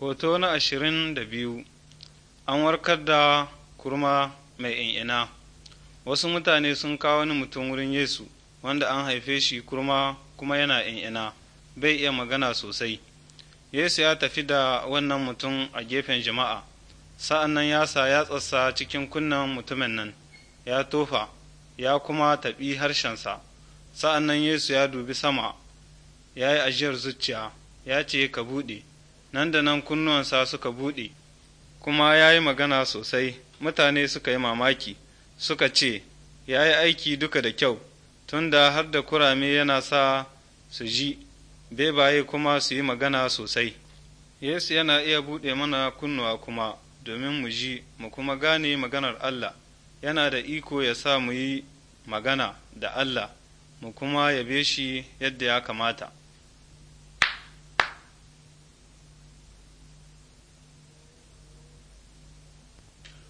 Hoto na ashirin da biyu An warkar da kurma mai in'ina Wasu mutane sun kawo wani mutum wurin Yesu, wanda an haife shi kurma kuma yana in'ina, bai iya magana sosai. Yesu ya tafi da wannan mutum a gefen jama'a, sa'an nan ya sa ya tsassa cikin kunnen mutumin nan, ya tofa, ya kuma taɓi harshensa. Sa'an nan Yesu ya dubi sama, ya yi ajiyar zuciya, ya ce, Ka buɗe. nan da nan kunnuwansa suka buɗe, kuma ya yi magana sosai, mutane suka yi mamaki, suka ce, ya yi aiki duka da kyau, tunda har da kurame yana sa su ji, bebaye kuma su yi magana sosai. Yesu yana iya buɗe mana kunnuwa kuma, domin mu ji, mu kuma gane maganar Allah, yana da iko ya sa mu yi magana da Allah, mu kuma yabe shi yadda ya kamata.